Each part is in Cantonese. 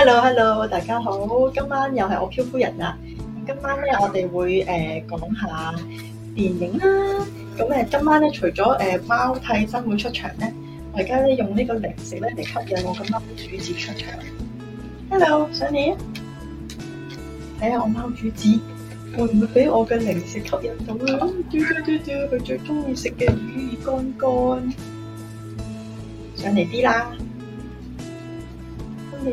Hello Hello，大家好，今晚又係我 Q 夫人啦。今晚咧，我哋會誒、呃、講下電影啦。咁、嗯、誒，今晚咧除咗誒、呃、貓替身會出場咧，我而家咧用個呢個零食咧嚟吸引我嘅貓主子出場。Hello Sunny n 睇下我貓主子會唔會俾我嘅零食吸引到咧？嘟嘟嘟嘟，佢最中意食嘅魚乾乾，上嚟啲啦，好嘅。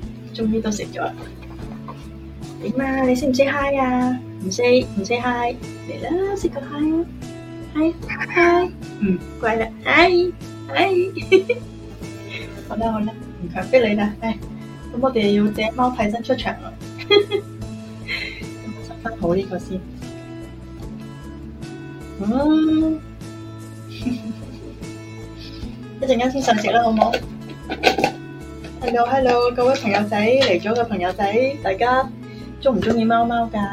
終於都食咗啦，點啊？你識唔識 hi 啊？唔識唔識 hi，嚟啦，識個 hi，hi hi，嗯，乖啦，hi hi，好啦好啦，唔強迫你啦，哎，咁我哋要借貓替身出場啊，十分好呢個先，嗯，一陣間先上食啦，好唔好？Hello，Hello，hello，各位朋友仔，嚟咗嘅朋友仔，大家中唔中意貓貓㗎？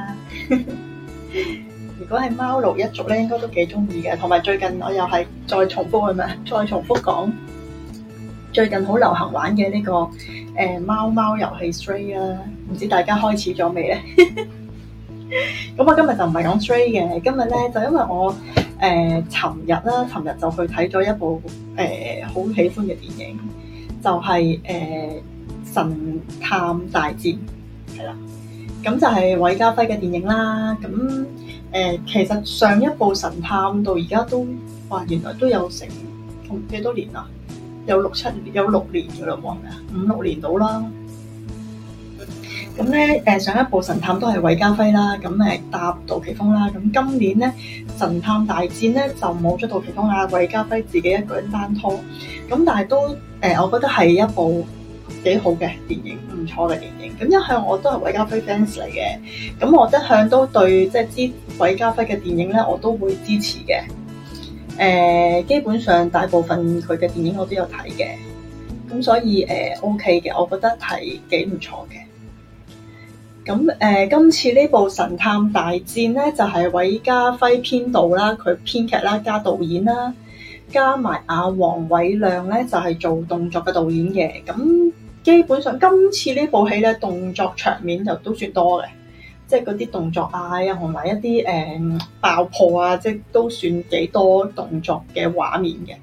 如果係貓奴一族咧，應該都幾中意嘅。同埋最近我又係再重複係咪再重複講最近好流行玩嘅呢、呢個誒、呃、貓貓遊戲 Stray 啊，唔知大家開始咗未咧？咁 我今日就唔係講 Stray 嘅，今日咧就因為我誒尋、呃、日啦，尋日就去睇咗一部誒好、呃、喜歡嘅電影。就係、是、誒、呃《神探大戰》，係啦，咁就係韋家輝嘅電影啦。咁誒、呃，其實上一部《神探》到而家都哇，原來都有成幾多年啦，有六七年，有六年噶啦，冇係咪啊？五六年到啦。咁咧誒，上一部《神探》都係韋家輝啦，咁誒搭杜琪峰啦。咁今年咧《神探大戰》呢咧就冇咗杜琪峰啦，韋家輝自己一個人單拖咁，但係都。誒、呃，我覺得係一部幾好嘅電影，唔錯嘅電影。咁一向我都係韋家輝 fans 嚟嘅，咁我一向都對即係支持韋家輝嘅電影咧，我都會支持嘅。誒、呃，基本上大部分佢嘅電影我都有睇嘅，咁所以誒、呃、OK 嘅，我覺得係幾唔錯嘅。咁誒、呃，今次呢部《神探大戰》咧，就係、是、韋家輝編導啦，佢編劇啦加導演啦。加埋阿黃偉亮咧，就係、是、做動作嘅導演嘅。咁基本上今次呢部戲咧，動作場面就都算多嘅，即係嗰啲動作啊，又同埋一啲誒、嗯、爆破啊，即係都算幾多動作嘅畫面嘅。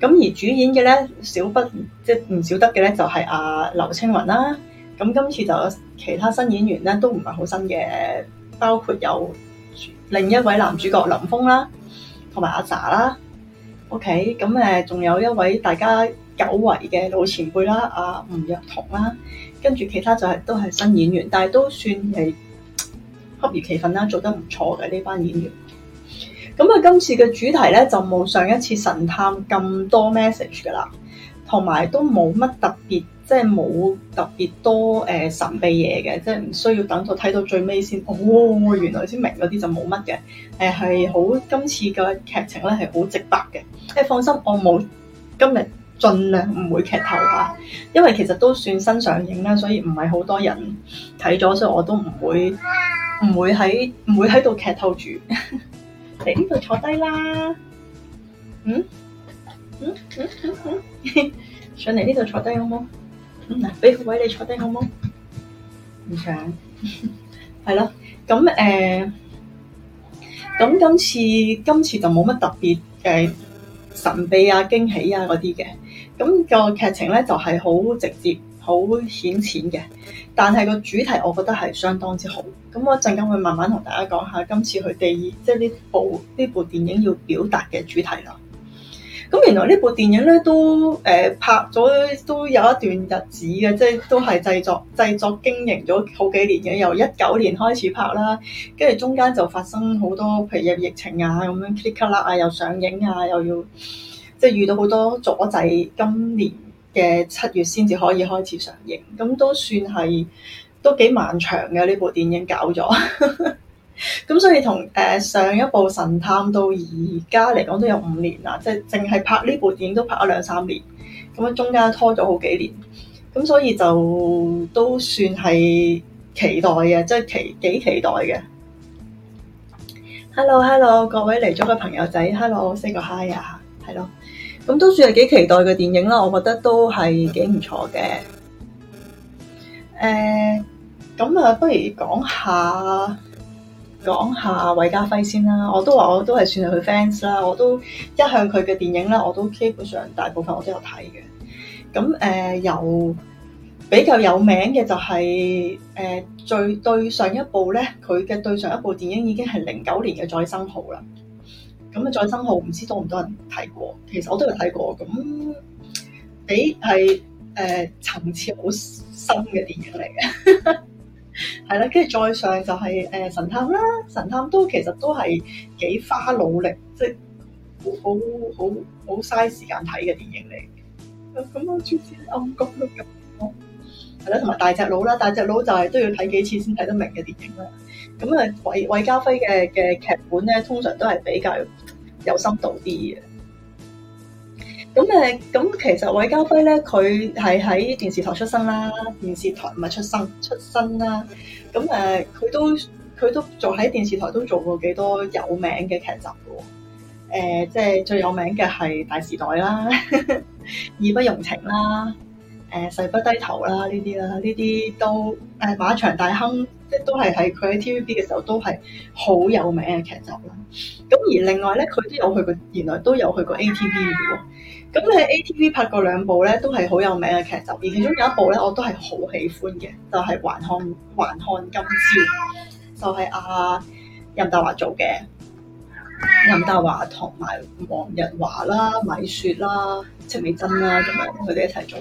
咁而主演嘅咧，少不即係唔少得嘅咧、啊，就係阿劉青雲啦、啊。咁今次就有其他新演員咧，都唔係好新嘅，包括有另一位男主角林峯啦、啊，同埋阿 Sa 啦、啊。O K，咁誒仲有一位大家久違嘅老前輩啦，阿吳若彤啦，跟住其他就係都係新演員，但係都算係恰如其分啦，做得唔錯嘅呢班演員。咁啊，今次嘅主題咧就冇上一次神探咁多 message 㗎啦，同埋都冇乜特別。即係冇特別多誒、呃、神秘嘢嘅，即係唔需要等到睇到最尾先，哦，原來先明嗰啲就冇乜嘅。誒，係，好，今次嘅劇情咧係好直白嘅。誒、欸、放心，我冇今日盡量唔會劇透嚇，因為其實都算新上映啦，所以唔係好多人睇咗，所以我都唔會唔會喺唔會喺度劇透住嚟呢度坐低啦。嗯嗯嗯嗯嗯，上嚟呢度坐低好唔好？嗯，嗱，俾個位你坐低好唔好？唔想，係 咯。咁誒，咁、呃、今次今次就冇乜特別誒神秘啊、驚喜啊嗰啲嘅。咁、這個劇情咧就係、是、好直接、好顯淺嘅。但係個主題，我覺得係相當之好。咁我陣間會，會慢慢同大家講下今次佢第二，即係呢部呢部電影要表達嘅主題啦。咁原來呢部電影咧都誒、呃、拍咗都有一段日子嘅，即係都係製作製作經營咗好幾年嘅，由一九年開始拍啦，跟住中間就發生好多譬如嘅疫情啊，咁樣噼哩啪啦啊，又上映啊，又要即係遇到好多阻滯，今年嘅七月先至可以開始上映，咁都算係都幾漫長嘅呢部電影搞咗。 咁所以同誒、uh, 上一部神探到而家嚟講都有五年啦，即係淨係拍呢部電影都拍咗兩三年，咁樣中間拖咗好幾年，咁所以就都算係期待嘅，即係期幾期待嘅。Hello Hello，各位嚟咗嘅朋友仔，Hello Say 個 Hi 啊，係咯，咁都算係幾期待嘅電影啦。我覺得都係幾唔錯嘅。誒，咁啊，不如講下。講下韋家輝先啦，我都話我都係算係佢 fans 啦，我都一向佢嘅電影啦，我都基本、e、上大部分我都有睇嘅。咁誒、呃，由比較有名嘅就係、是、誒、呃、最對上一部咧，佢嘅對上一部電影已經係零九年嘅《再生號》啦。咁嘅《再生號》唔知多唔多人睇過？其實我都有睇過。咁誒係誒層次好深嘅電影嚟嘅。 係啦，跟住再上就係、是、誒、呃、神探啦，神探都其實都係幾花努力，即係好好好好嘥時間睇嘅電影嚟。咁啊，好似、啊、暗角都咁咯。係、啊、啦，同埋大隻佬啦，大隻佬就係、是、都要睇幾次先睇得明嘅電影啦。咁、嗯、啊，韋韋家輝嘅嘅劇本咧，通常都係比較有深度啲嘅。咁誒，咁其實韋家輝咧，佢係喺電視台出身啦，電視台唔係出身，出身啦。咁誒，佢都佢都做喺電視台都做過幾多有名嘅劇集嘅喎、呃。即係最有名嘅係《大時代》啦， 《義不容情》啦，呃《誒誓不低頭》啦呢啲啦，呢啲都誒、呃、馬場大亨，即都係喺佢喺 TVB 嘅時候都係好有名嘅劇集啦。咁而另外咧，佢都有去過，原來都有去過 ATV 嘅喎。咁喺 ATV 拍過兩部咧，都係好有名嘅劇集，而其中有一部咧，我都係好喜歡嘅，就係、是《還看還看今朝》，就係、是、阿、啊、任達華做嘅，任達華同埋黃日華啦、米雪啦、戚美珍啦，咁樣佢哋一齊做。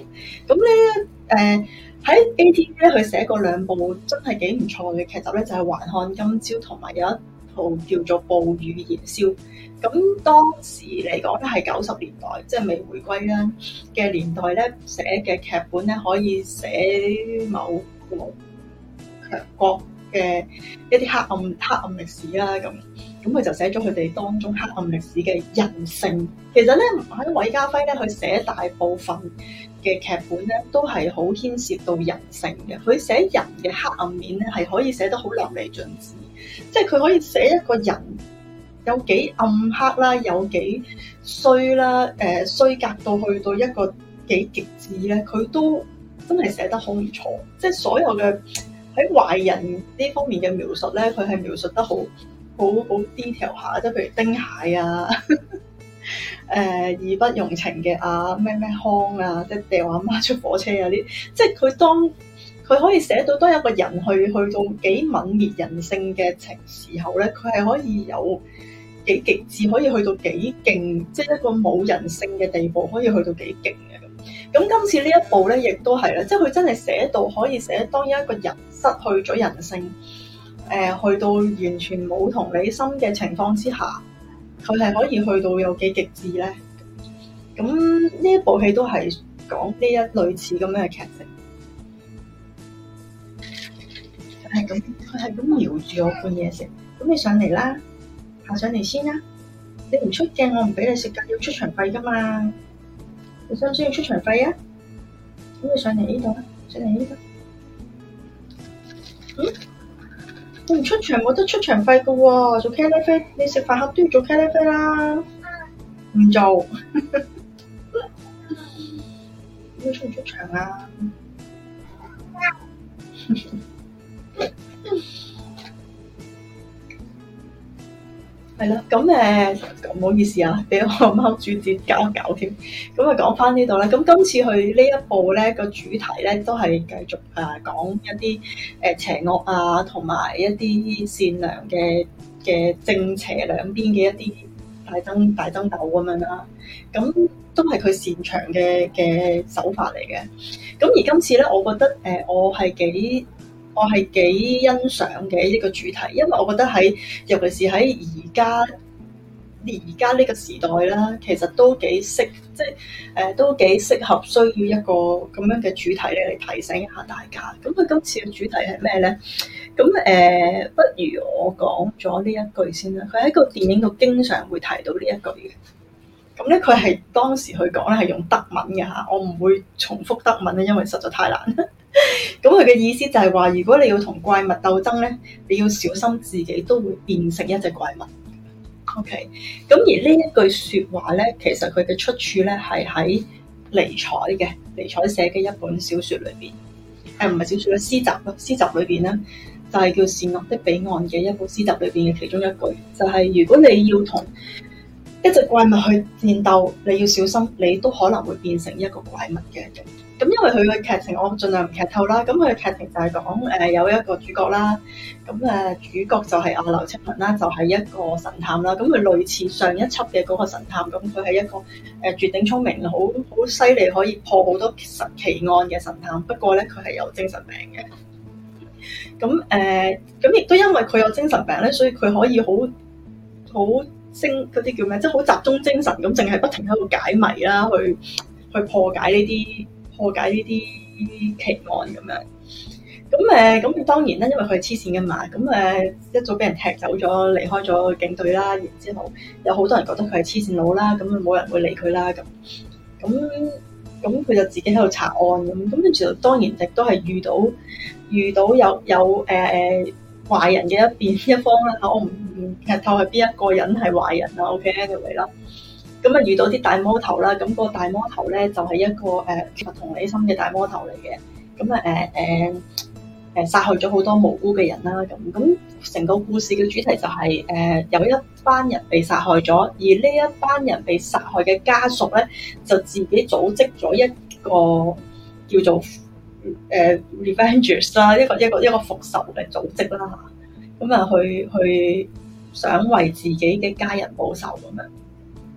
咁咧，誒喺 ATV 咧，佢寫過兩部真係幾唔錯嘅劇集咧，就係、是《還看今朝》同埋有一。套叫做《暴雨燃燒》，咁當時嚟講咧係九十年代，即係未回歸啦嘅年代咧，寫嘅劇本咧可以寫某個強國嘅一啲黑暗黑暗歷史啦。咁咁佢就寫咗佢哋當中黑暗歷史嘅人性。其實咧喺韋家輝咧，佢寫大部分嘅劇本咧都係好牽涉到人性嘅。佢寫人嘅黑暗面咧係可以寫得好淋漓盡致。即係佢可以寫一個人有幾暗黑啦，有幾衰啦，誒、呃、衰格到去到一個幾極致咧，佢都真係寫得好唔錯。即係所有嘅喺壞人呢方面嘅描述咧，佢係描述得好好好 detail 下。即係譬如丁蟹啊，誒、 呃、義不容情嘅啊，咩咩康啊，即係掟阿媽出火車啊啲，即係佢當。佢可以寫到當一個人去去到幾泯滅人性嘅情時候咧，佢係可以有幾極致，可以去到幾勁，即、就、係、是、一個冇人性嘅地步，可以去到幾勁嘅咁。咁今次呢一部咧，亦都係啦，即係佢真係寫到可以寫當一個人失去咗人性，誒、呃，去到完全冇同理心嘅情況之下，佢係可以去到有幾極致咧。咁呢一部戲都係講呢一類似咁樣嘅劇情。係咁，佢係咁瞄住我，半夜食。咁你上嚟啦，行上嚟先啦。你唔出鏡，我唔俾你食噶，要出場費噶嘛。你需唔需要出場費啊？咁你上嚟呢度啦，上嚟呢度。嗯？我唔出場，冇得出場費噶喎。做茄喱啡，你食飯盒都要做茄喱啡啦。唔 不做， 你出唔出場啊？ 係啦，咁誒，唔、 呃、好意思啊，俾我貓主子搞搞添。咁啊，講翻呢度啦。咁、嗯、今次去呢一部咧個主題咧都係繼續誒講一啲誒邪惡啊，同埋一啲、呃啊、善良嘅嘅正邪兩邊嘅一啲大爭大爭鬥咁樣啦。咁、嗯、都係佢擅長嘅嘅手法嚟嘅。咁、嗯、而今次咧，我覺得誒、呃，我係幾。我係幾欣賞嘅呢個主題，因為我覺得喺尤其是喺而家，而家呢個時代啦，其實都幾適，即係誒、呃、都幾適合需要一個咁樣嘅主題咧嚟提醒一下大家。咁佢今次嘅主題係咩咧？咁誒、呃，不如我講咗呢一句先啦。佢喺個電影度經常會提到呢一句嘅。咁咧，佢係當時佢講咧係用德文嘅嚇，我唔會重複德文咧，因為實在太難。咁佢嘅意思就係話，如果你要同怪物鬥爭咧，你要小心自己都會變成一隻怪物。OK，咁而呢一句說話咧，其實佢嘅出處咧係喺尼采嘅尼采寫嘅一本小說裏邊，誒唔係小說啦，詩集啦，詩集裏邊咧就係叫《善惡的彼岸》嘅一本詩集裏邊嘅其中一句，就係如果你要同一隻怪物去戰鬥，你要小心，你都可能會變成一個怪物嘅人。咁因為佢嘅劇情，我盡量唔劇透啦。咁佢嘅劇情就係講誒有一個主角啦。咁誒主角就係阿劉青雲啦，就係一個神探啦。咁佢類似上一輯嘅嗰個神探，咁佢係一個誒絕頂聰明，好好犀利，可以破好多神奇案嘅神探。不過咧，佢係有精神病嘅。咁誒，咁亦都因為佢有精神病咧，所以佢可以好好精嗰啲叫咩？即係好集中精神咁，淨係不停喺度解謎啦，去去破解呢啲，破解呢啲奇案咁樣，咁誒，咁當然啦，因為佢係黐線噶嘛，咁誒一早俾人踢走咗，離開咗警隊啦，然之後有好多人覺得佢係黐線佬啦，咁冇人會理佢啦，咁，咁，咁佢就自己喺度查案咁，咁跟住當然亦都係遇到遇到有有誒誒、呃、壞人嘅一邊一方啦，我唔劇透係邊一個人係壞人啊，OK，anyway 啦。OK? Anyway, 咁啊，遇到啲大魔頭啦，咁、那個大魔頭咧就係、是、一個誒缺乏同理心嘅大魔頭嚟嘅，咁啊誒誒誒殺害咗好多無辜嘅人啦，咁咁成個故事嘅主題就係、是、誒、呃、有一班人被殺害咗，而呢一班人被殺害嘅家屬咧就自己組織咗一個叫做誒、呃、Revenge 啦，一個一個一個復仇嘅組織啦，咁、呃、啊去去想為自己嘅家人報仇咁樣。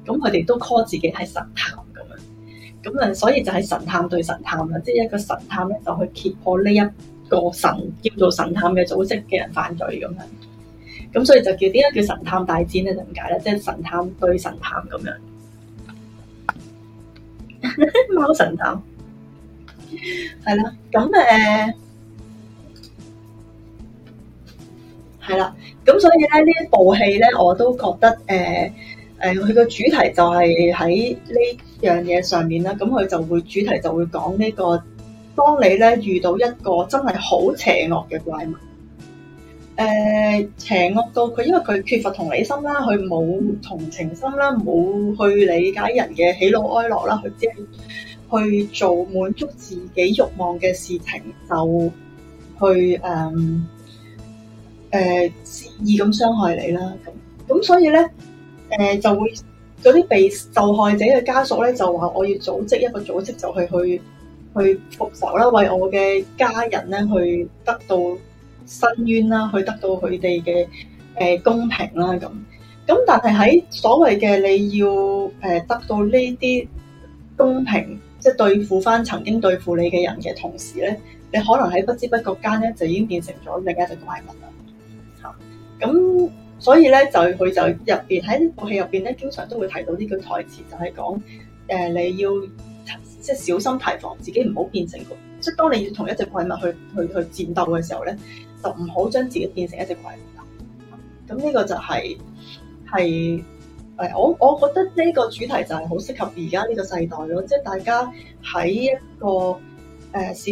咁佢哋都 call 自己係神探咁樣，咁啊，所以就係神探對神探啦，即係一個神探咧就去揭破呢一個神叫做神探嘅組織嘅人犯罪咁樣，咁所以就叫點解叫神探大戰咧就咁解啦，即係神探對神探咁樣，貓 神探係啦，咁誒係啦，咁所以咧呢一部戲咧我都覺得誒。呃誒，佢個、呃、主題就係喺呢樣嘢上面啦。咁佢就會主題就會講呢、呢個，當你咧遇到一個真係好邪惡嘅怪物，誒、呃，邪惡到佢，因為佢缺乏同理心啦，佢冇同情心啦，冇去理解人嘅喜怒哀樂啦，佢只係去做滿足自己慾望嘅事情，就去誒誒肆意咁傷害你啦。咁咁所以咧。誒，就會嗰啲被受害者嘅家屬咧，就話我要組織一個組織就去，就係去去復仇啦，為我嘅家人咧去得到伸冤啦，去得到佢哋嘅誒公平啦，咁咁但係喺所謂嘅你要誒得到呢啲公平，即係、就是、對付翻曾經對付你嘅人嘅同時咧，你可能喺不知不覺間咧就已經變成咗另一隻怪物啦。好咁。所以咧就佢就入邊喺呢部戲入邊咧，經常都會提到呢句台詞，就係講誒，你要即係小心提防自己唔好變成個。即係當你要同一隻怪物去去去戰鬥嘅時候咧，就唔好將自己變成一隻怪物。咁呢個就係係誒，我我覺得呢個主題就係好適合而家呢個世代咯。即係大家喺一個誒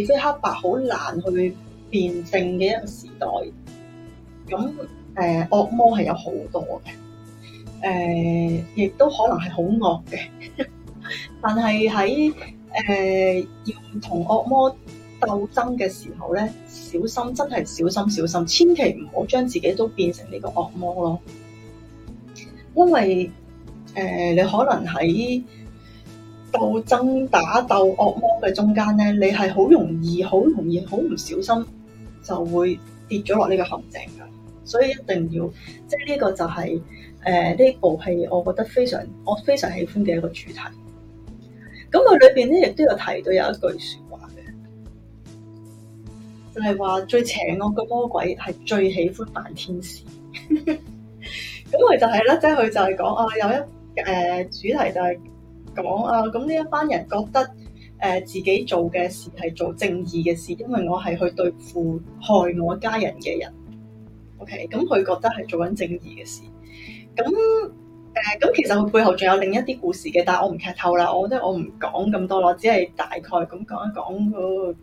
是非黑白好難去辨證嘅一個時代。咁誒、呃、惡魔係有好多嘅，誒、呃、亦都可能係好惡嘅。 但係喺誒要同惡魔鬥爭嘅時候咧，小心真係小心小心，千祈唔好將自己都變成呢個惡魔咯。因為誒、呃，你可能喺鬥爭打鬥惡魔嘅中間咧，你係好容易、好容易、好唔小心就會跌咗落呢個陷阱㗎。所以一定要，即係呢個就係誒呢部戲，我覺得非常我非常喜歡嘅一個主題。咁、嗯、佢裏邊咧亦都有提到有一句說話嘅，就係、是、話最邪惡嘅魔鬼係最喜歡扮天使。咁 佢就係、是、啦，即係佢就係講啊，有一誒、呃、主題就係講啊，咁呢一班人覺得誒、呃、自己做嘅事係做正義嘅事，因為我係去對付害我家人嘅人。O K，咁佢覺得係做緊正義嘅事，咁誒，咁其實佢背後仲有另一啲故事嘅，但係我唔劇透啦，我覺得我唔講咁多啦，只係大概咁講一講個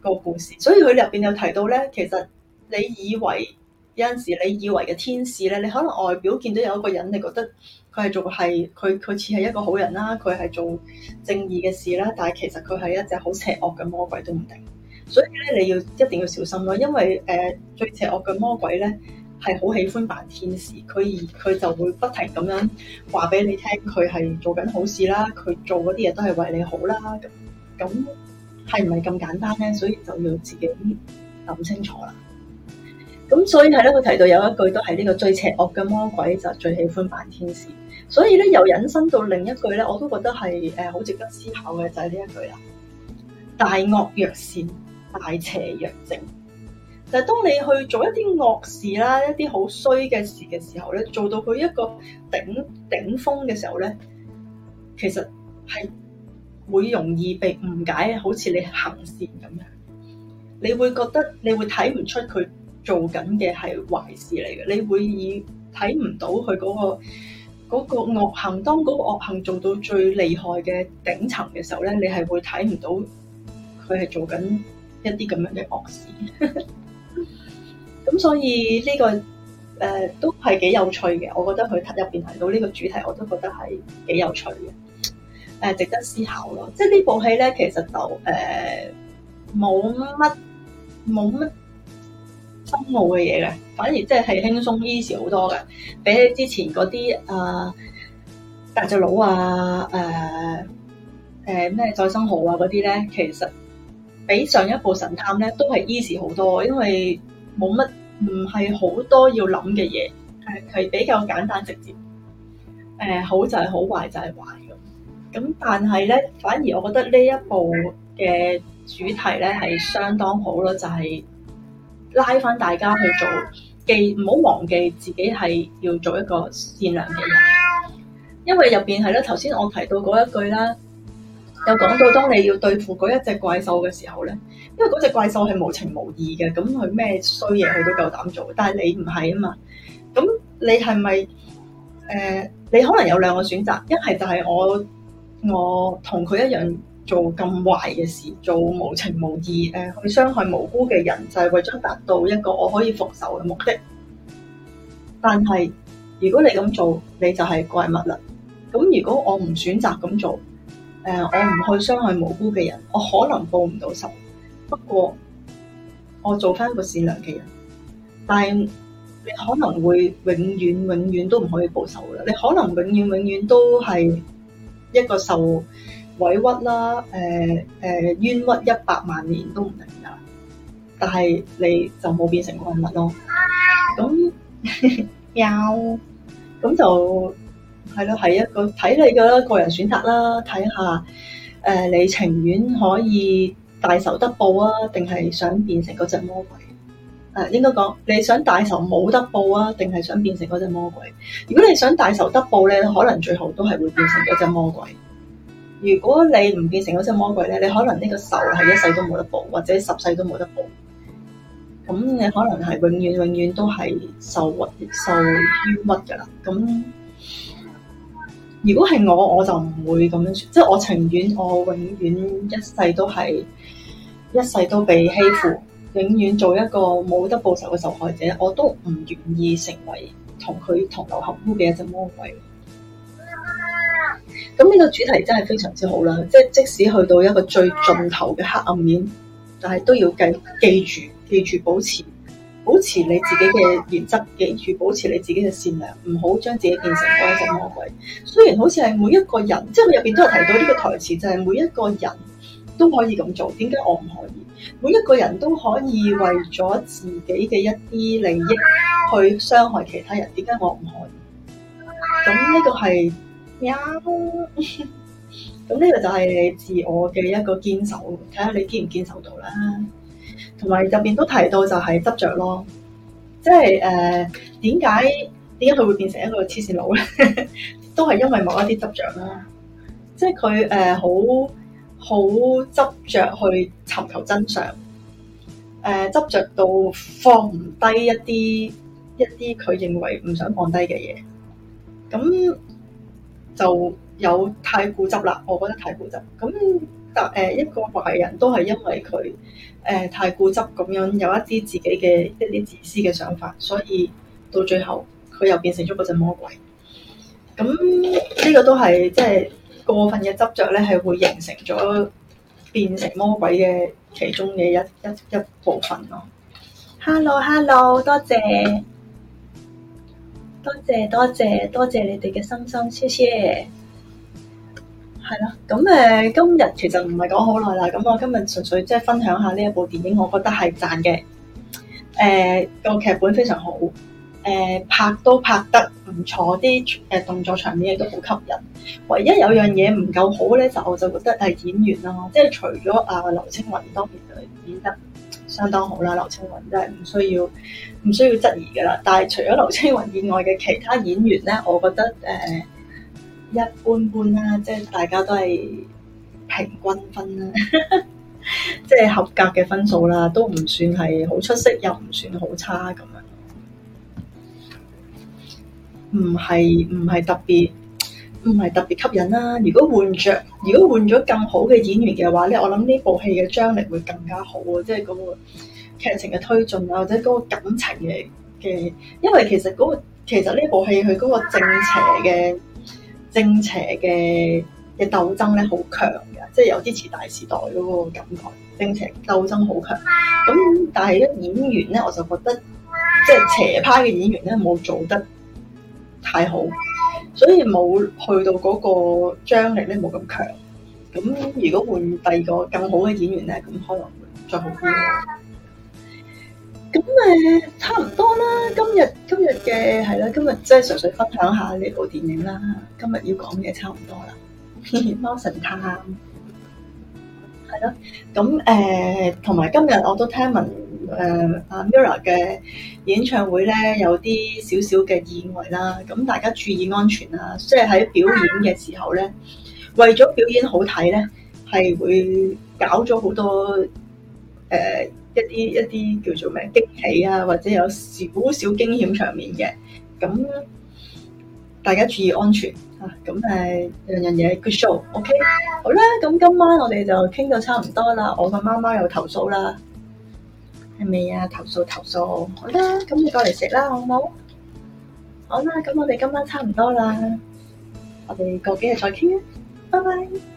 個故事。所以佢入邊有提到咧，其實你以為有陣時你以為嘅天使咧，你可能外表見到有一個人，你覺得佢係做係佢佢似係一個好人啦，佢係做正義嘅事啦，但係其實佢係一隻好邪惡嘅魔鬼都唔定。所以咧，你要一定要小心咯，因為誒、呃、最邪惡嘅魔鬼咧係好喜歡扮天使，佢而佢就會不停咁樣話俾你聽佢係做緊好事啦，佢做嗰啲嘢都係為你好啦。咁咁係唔係咁簡單咧？所以就要自己諗清楚啦。咁所以係咧，佢提到有一句都係呢個最邪惡嘅魔鬼就最喜歡扮天使。所以咧又引申到另一句咧，我都覺得係誒好值得思考嘅就係、是、呢一句啦。大惡若善。大邪若正，但係當你去做一啲惡事啦，一啲好衰嘅事嘅時候咧，做到佢一個頂頂峰嘅時候咧，其實係會容易被誤解，好似你行善咁樣。你會覺得你會睇唔出佢做緊嘅係壞事嚟嘅，你會以睇唔到佢嗰個嗰個惡行，當嗰個惡行做到最厲害嘅頂層嘅時候咧，你係會睇唔到佢係做緊。一啲咁樣嘅惡事，咁 所以呢、呢個誒、呃、都係幾有趣嘅。我覺得佢入邊提到呢個主題，我都覺得係幾有趣嘅，誒、呃、值得思考咯。即係呢部戲咧，其實就誒冇乜冇乜深奧嘅嘢嘅，反而即係係輕鬆 easy 好多嘅，比起之前嗰啲誒大隻佬啊，誒誒咩再生號啊嗰啲咧，其實。比上一部神探咧，都係 easy 好多，因為冇乜唔係好多要諗嘅嘢，係、呃、比較簡單直接。誒、呃、好就係好，壞就係壞咁。咁但係咧，反而我覺得呢一部嘅主題咧係相當好咯，就係、是、拉翻大家去做、記，唔好忘記自己係要做一個善良嘅人，因為入邊係咯頭先我提到嗰一句啦。又講到當你要對付嗰一隻怪獸嘅時候咧，因為嗰隻怪獸係無情無義嘅，咁佢咩衰嘢佢都夠膽做。但係你唔係啊嘛，咁你係咪誒？你可能有兩個選擇，一係就係我我同佢一樣做咁壞嘅事，做無情無義誒，去、呃、傷害無辜嘅人，就係為咗達到一個我可以復仇嘅目的。但係如果你咁做，你就係怪物啦。咁如果我唔選擇咁做。誒，我唔去傷害無辜嘅人，我可能報唔到仇，不過我做翻個善良嘅人。但係你可能會永遠永遠都唔可以報仇啦，你可能永遠永遠都係一個受委屈啦，誒誒冤屈一百萬年都唔定㗎。但係你就冇變成怪物咯。咁喵，咁就～係咯，係一個睇你嘅個人選擇啦。睇下誒，你情願可以大仇得報啊，定係想變成嗰隻魔鬼？誒、呃，應該講你想大仇冇得報啊，定係想變成嗰隻魔鬼？如果你想大仇得報咧，可能最後都係會變成嗰隻魔鬼。如果你唔變成嗰隻魔鬼咧，你可能呢個仇係一世都冇得報，或者十世都冇得報。咁你可能係永遠永遠都係受，受屈受冤屈㗎啦。咁如果係我，我就唔會咁樣，即係我情願，我永遠一世都係一世都被欺負，永遠做一個冇得報仇嘅受害者，我都唔願意成為同佢同流合污嘅一隻魔鬼。咁呢個主題真係非常之好啦，即係即使去到一個最盡頭嘅黑暗面，但係都要記記住，記住保持。保持你自己嘅原則，記住保持你自己嘅善良，唔好將自己變成灰色魔鬼。雖然好似係每一個人，即係佢入邊都有提到呢個台詞，就係、是、每一個人都可以咁做，點解我唔可以？每一個人都可以為咗自己嘅一啲利益去傷害其他人，點解我唔可以？咁呢個係喵，咁 呢個就係你自我嘅一個堅守，睇下你堅唔堅守到啦。同埋入邊都提到就係執着咯，即係誒，點解點解佢會變成一個黐線佬咧？ 都係因為某一啲執着啦，即係佢誒好好執着去尋求真相，誒執着到放唔低一啲一啲佢認為唔想放低嘅嘢，咁就有太固執啦，我覺得太固執咁。嗱，一個壞人都係因為佢誒、呃、太固執咁樣，有一啲自己嘅一啲自私嘅想法，所以到最後佢又變成咗嗰隻魔鬼。咁呢個都係即係過分嘅執着，咧，係會形成咗變成魔鬼嘅其中嘅一一一部分咯。Hello，Hello，多謝，多謝，多謝，多謝你哋嘅心心，謝謝。係啦，咁誒、嗯、今日其實唔係講好耐啦，咁、嗯、我今日純粹即係分享下呢一部電影，我覺得係讚嘅。誒、呃、個劇本非常好，誒、呃、拍都拍得唔錯，啲誒、呃、動作場面亦都好吸引。唯一有一樣嘢唔夠好咧，就我就覺得係演員咯，即係除咗阿、啊、劉青雲當然就演得相當好啦，劉青雲真係唔需要唔需要質疑噶啦。但係除咗劉青雲以外嘅其他演員咧，我覺得誒、呃一般般啦，即係大家都係平均分啦，即 係合格嘅分數啦，都唔算係好出色，又唔算好差咁樣。唔係唔係特別唔係特別吸引啦。如果換着如果換咗更好嘅演員嘅話咧，我諗呢部戲嘅張力會更加好，即係嗰個劇情嘅推進啊，或者嗰個感情嘅嘅，因為其實嗰個，其實呢部戲佢嗰個正邪嘅。正邪嘅嘅鬥爭咧，好強嘅，即係有啲似大時代嗰個感覺，正邪鬥爭好強。咁但係咧演員咧，我就覺得即係邪派嘅演員咧冇做得太好，所以冇去到嗰個張力咧冇咁強。咁如果換第二個更好嘅演員咧，咁可能會再好啲囉。咁誒、嗯、差唔多啦，今日今日嘅係啦，今日即係、嗯、純粹分享下呢部電影啦。今日要講嘅差唔多啦， 《貓神探》係咯。咁誒同埋今日我都聽聞誒阿 MIRROR 嘅演唱會咧，有啲少少嘅意外啦。咁、嗯、大家注意安全啦啊！即係喺表演嘅時候咧，為咗表演好睇咧，係會搞咗好多。誒、呃，一啲一啲叫做咩驚喜啊，或者有少少驚險場面嘅，咁大家注意安全吓，咁、啊、係樣樣嘢 good show，OK，、okay? 啊、好啦，咁今晚我哋就傾到差唔多啦，我個媽媽又投訴啦，係咪啊？投訴投訴，好啦，咁你過嚟食啦，好唔好？好啦，咁我哋今晚差唔多啦，我哋過幾日再傾，拜拜。